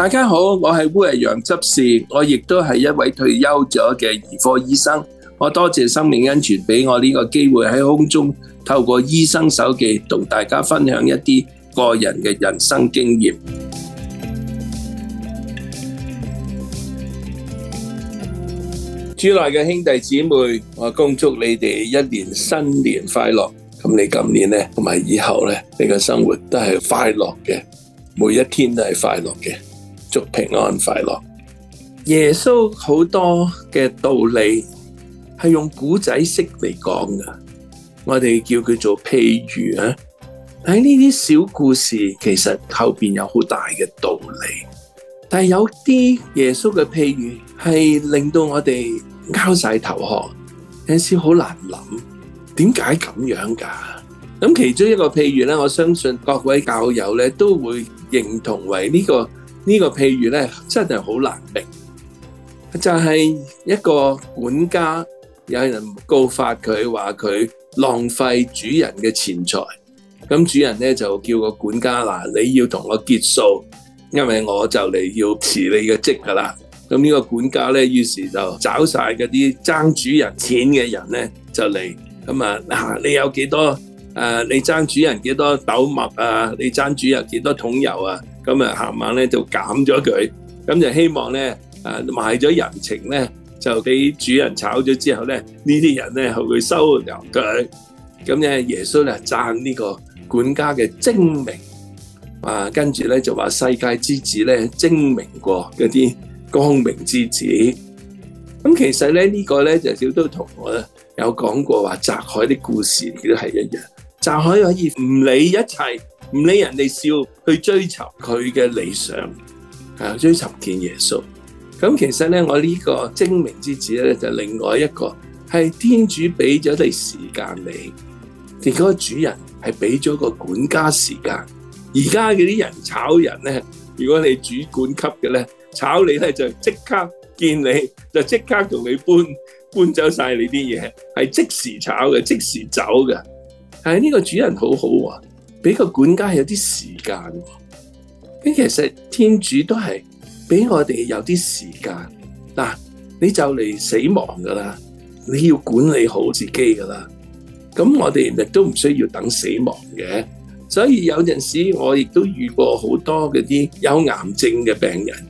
大家好，我係烏日陽執事，我亦都係一位退休咗嘅兒科醫生。我多謝生命恩泉俾我呢個機會喺空中透過醫生手記同大家分享一啲個人嘅人生經驗。主內嘅兄弟姊妹，我恭祝你哋一年新年快樂。咁你今年呢，同埋以後呢，你嘅生活都係快樂嘅，每一天都係快樂嘅。祝平安快樂。耶穌好多嘅道理係用古仔式嚟講噶，我哋叫佢做譬喻啊。喺呢啲小故事，其實後邊有好大嘅道理。但係有啲耶穌嘅譬喻係令到我哋拗晒頭殼，有少好難諗，點解咁樣噶？咁其中一個譬喻咧，我相信各位教友咧都會認同為呢個。呢個譬喻咧真係好難明，就係、是、一個管家，有人告發佢話佢浪費主人嘅錢財，咁主人咧就叫個管家，嗱，你要同我結數，因為我就嚟要辭你嘅職噶啦。咁呢個管家咧，於是就找晒嗰啲爭主人錢嘅人咧，就嚟咁啊，嗱，你有幾多誒？你爭主人幾多斗麥啊？你爭主人幾多桶油啊？咁啊，下晚咧就減咗佢，咁就希望咧，啊賣咗人情咧，就俾主人炒咗之後咧，呢啲人咧去收留佢。咁咧，耶穌咧讚呢個管家嘅精明，啊，跟住咧就話世界之子咧精明過嗰啲光明之子。咁其實咧呢個咧就少都同我有講過話，澤海啲故事都係一樣，澤海可以唔理一切。唔理人哋笑，去追尋佢嘅理想，啊，追尋見耶穌。咁其實咧，我呢個精明之子咧，就另外一個係天主俾咗你時間你，結果個主人係俾咗個管家時間。而家嗰啲人炒人咧，如果你主管級嘅咧，炒你咧就即刻見你就即刻同你搬搬走晒你啲嘢，係即時炒嘅，即時走嘅。但係呢個主人好好啊。俾個管家有啲時間，咁其實天主都係俾我哋有啲時間。嗱，你就嚟死亡噶啦，你要管理好自己噶啦。咁我哋亦都唔需要等死亡嘅。所以有陣時我亦都遇過好多嗰啲有癌症嘅病人，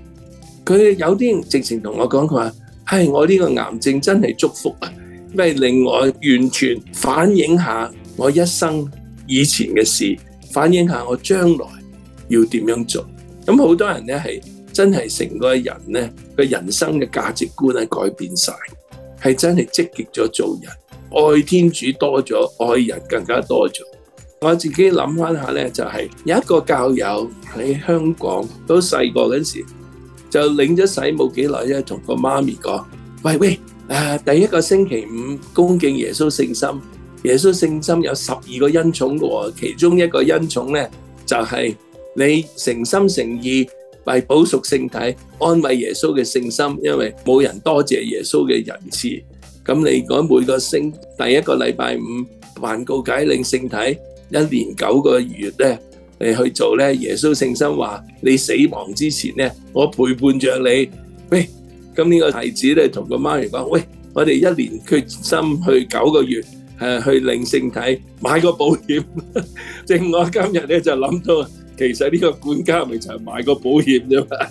佢有啲直情同我講佢話：唉、哎，我呢個癌症真係祝福啊，因為令我完全反映下我一生。以前嘅事，反映下我將來要點樣做。咁好多人呢係真係成個人呢嘅人生嘅價值觀咧改變晒，係真係積極咗做人，愛天主多咗，愛人更加多咗。我自己諗翻下呢，就係有一個教友喺香港，都細個嗰陣時就領咗洗冇幾耐咧，同個媽咪講：喂喂，誒，第一個星期五恭敬耶穌聖心。耶穌聖心有十二個恩寵嘅喎，其中一個恩寵咧就係你誠心誠意為保屬聖體、安慰耶穌嘅聖心，因為冇人多謝耶穌嘅仁慈。咁你講每個星第一個禮拜五還告解領聖體，一年九個月咧，你去做咧，耶穌聖心話你死亡之前咧，我陪伴著你。喂，咁呢個孩子咧同個媽咪講，喂，我哋一年決心去九個月。誒，去領聖體，買個保險。正我今日咧就諗到，其實呢個管家咪就係買個保險啫嘛。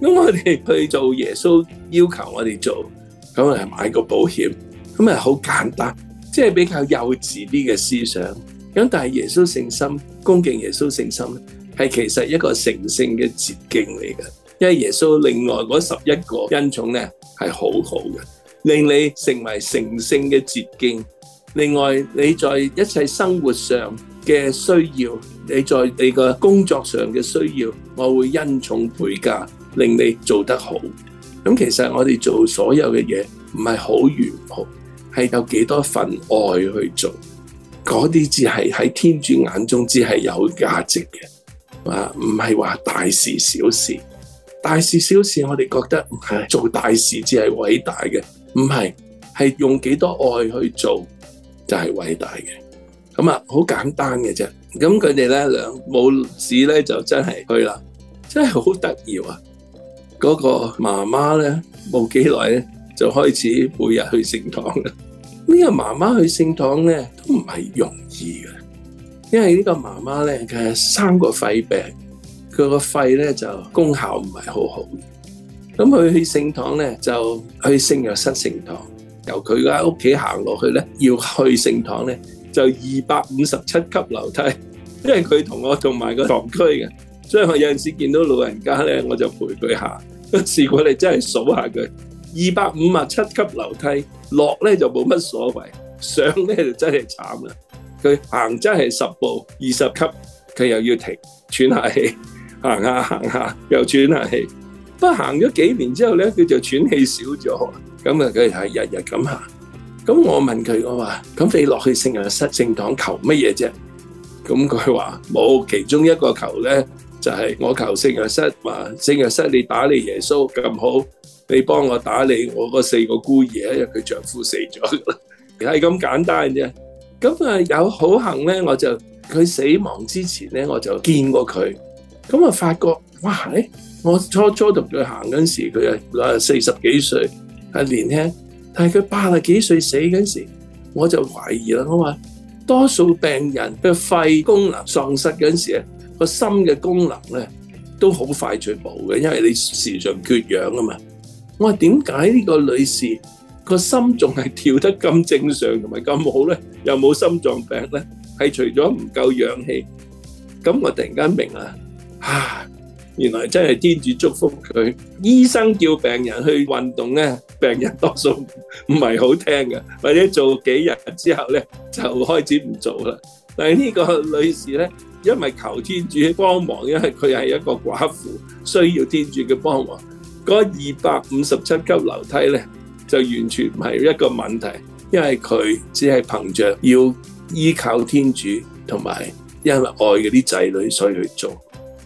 咁我哋去做耶穌要求我哋做，咁啊買個保險，咁啊好簡單，即係比較幼稚啲嘅思想。咁但係耶穌聖心，恭敬耶穌聖心咧，係其實一個成聖嘅捷徑嚟嘅，因為耶穌另外嗰十一個恩寵咧係好好嘅，令你成為成聖嘅捷徑。另外，你在一切生活上嘅需要，你在你個工作上嘅需要，我會恩寵倍加令你做得好。咁其實我哋做所有嘅嘢，唔係好完好，係有幾多份愛去做，嗰啲只係喺天主眼中只係有價值嘅。啊，唔係話大事小事，大事小事我哋覺得係做大事只係偉大嘅，唔係係用幾多愛去做。就係偉大嘅，咁啊好簡單嘅啫，咁佢哋咧兩母子咧就真係去啦，真係好得意啊！嗰個媽媽咧冇幾耐咧就開始每日去聖堂啦。呢個媽媽去聖堂咧都唔係容易嘅，因為呢個媽媽咧佢係生過肺病，佢個肺咧就功效唔係好好。咁佢去聖堂咧就去聖約瑟聖堂。由佢家屋企行落去咧，要去聖堂咧，就二百五十七級樓梯。因為佢同我同埋個房區嘅，所以我有陣時見到老人家咧，我就陪佢行。試過，你真係數下佢，二百五啊七級樓梯落咧就冇乜所謂，上咧就真係慘啦。佢行真係十步二十級，佢又要停喘下氣，行下、啊、行下、啊、又喘下氣。不過行咗幾年之後咧，佢就喘氣少咗。咁啊！佢係日日咁行。咁我問佢我話：咁你落去聖約瑟聖堂求乜嘢啫？咁佢話冇其中一個求咧，就係、是、我求聖約瑟。聖約瑟你打理耶穌咁好，你幫我打理我嗰四個孤兒，因為佢丈夫死咗啦，係、就、咁、是、簡單啫。咁啊有好幸咧，我就佢死亡之前咧，我就見過佢。咁啊發覺哇！我初初同佢行嗰陣時，佢係啊四十幾歲。係年輕，但係佢八十幾歲死嗰陣時，我就懷疑啦。我話多數病人嘅肺功能喪失嗰陣時咧，個心嘅功能咧都好快脆冇嘅，因為你時常缺氧啊嘛。我話點解呢個女士個心仲係跳得咁正常同埋咁好咧？又冇心臟病咧？係除咗唔夠氧氣，咁我突然間明啦，啊！原來真係天主祝福佢。醫生叫病人去運動呢，病人多數唔係好聽嘅，或者做幾日之後呢，就開始唔做啦。但係呢個女士呢，因為求天主幫忙，因為佢係一個寡婦，需要天主嘅幫忙。嗰二百五十七級樓梯呢，就完全唔係一個問題，因為佢只係憑着要依靠天主，同埋因為愛嗰啲仔女，所以去做。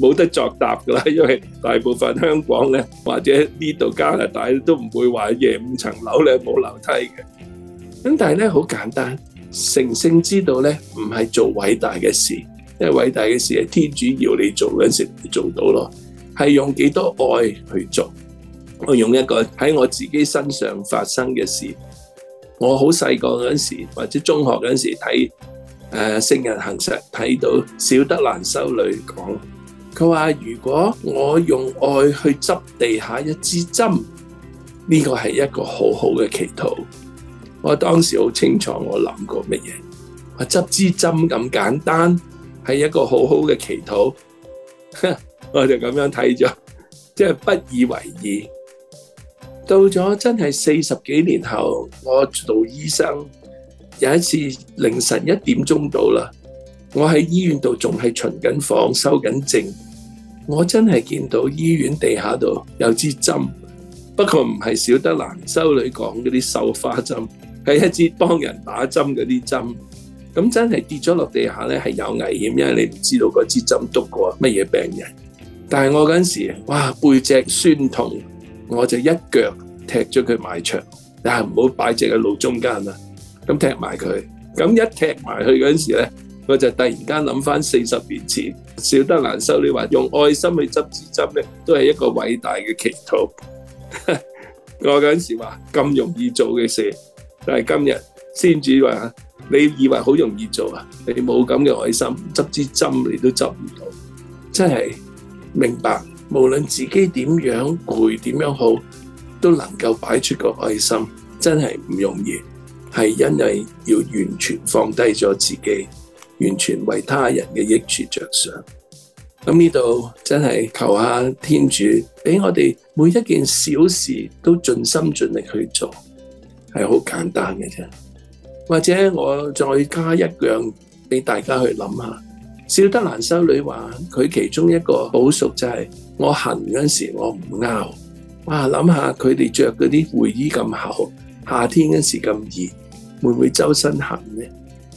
冇得作答噶啦，因為大部分香港咧或者呢度加拿大都唔會話夜五層樓咧冇樓梯嘅。咁但係咧好簡單，成聖之道咧唔係做偉大嘅事，因為偉大嘅事係天主要你做嗰陣時做到咯，係用幾多愛去做。我用一個喺我自己身上發生嘅事，我好細個嗰陣時或者中學嗰陣時睇誒聖人行實睇到小德蘭修女講。佢話，如果我用愛去執地下一支針，呢個係一個好好嘅祈禱。我當時好清楚我諗過乜嘢，我執支針咁簡單，係一個好好嘅祈禱。我就咁樣睇咗，即係不以為意。到咗真係四十幾年後，我做醫生，有一次凌晨一點鐘到啦，我喺醫院度仲係巡緊房、收緊症。我真係見到醫院地下度有支針，不過唔係小德蘭修女講嗰啲繡花針，係一支幫人打針嗰啲針。咁真係跌咗落地下咧，係有危險，因為你唔知道嗰支針篤過乜嘢病人。但係我嗰陣時，哇，背脊酸痛，我就一腳踢咗佢埋牆，但係唔好擺隻喺路中間啦。咁踢埋佢，咁一踢埋佢嗰陣時咧。我就突然間諗翻四十年前，小德蘭修女。你話用愛心去執支針咧，都係一個偉大嘅祈禱。 我嗰陣時話咁容易做嘅事，但係今日先至話，你以為好容易做啊？你冇咁嘅愛心，執支針你都執唔到。真係明白，無論自己點樣攰點樣好，都能夠擺出個愛心，真係唔容易。係因為要完全放低咗自己。完全為他人嘅益處着想，咁呢度真係求下天主俾我哋每一件小事都盡心盡力去做，係好簡單嘅啫。或者我再加一樣俾大家去諗下，小德蘭修女話佢其中一個補贖就係、是、我痕嗰時候我唔拗，哇諗下佢哋着嗰啲會衣咁厚，夏天嗰時咁熱，會唔會周身痕呢？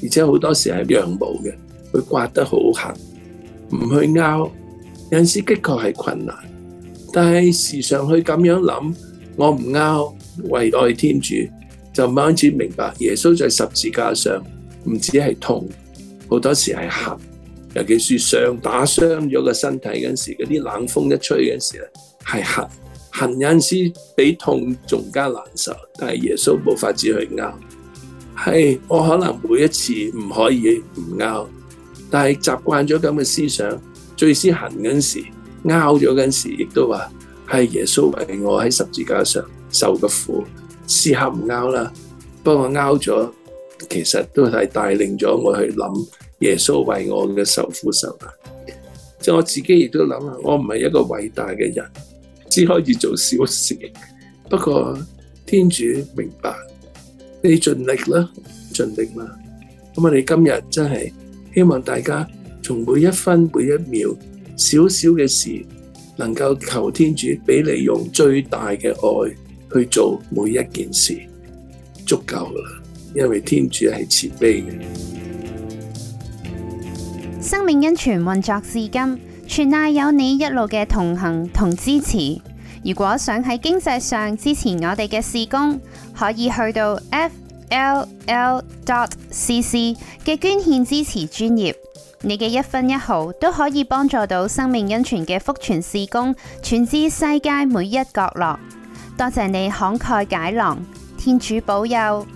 而且好多時係讓步嘅，佢刮得好痕，唔去拗。有陣時的確係困難，但係時常去咁樣諗，我唔拗為愛天主，就開始明白耶穌在十字架上唔止係痛，好多時係痕。尤其是上打傷咗個身體嗰陣時，嗰啲冷風一吹嗰陣時咧，係痕痕。有陣時比痛仲加難受，但係耶穌冇法子去拗。係，我可能每一次唔可以唔拗，但係習慣咗咁嘅思想，最先行嗰時候拗咗嗰時候也說，亦都話係耶穌為我喺十字架上受嘅苦，試下唔拗啦。不過拗咗，其實都係帶領咗我去諗耶穌為我嘅受苦受難。即係我自己亦都諗我唔係一個偉大嘅人，只可以做小事。不過天主明白。你盡力啦，盡力啦。咁我哋今日真係希望大家從每一分每一秒少少嘅事，能夠求天主俾你用最大嘅愛去做每一件事，足夠啦。因為天主係慈悲嘅。生命因傳運作至今，全賴有你一路嘅同行同支持。如果想喺經濟上支持我哋嘅事工，可以去到 fll.cc 嘅捐獻支持專頁，你嘅一分一毫都可以幫助到生命恩泉嘅福傳事工傳至世界每一角落。多謝你慷慨解囊，天主保佑。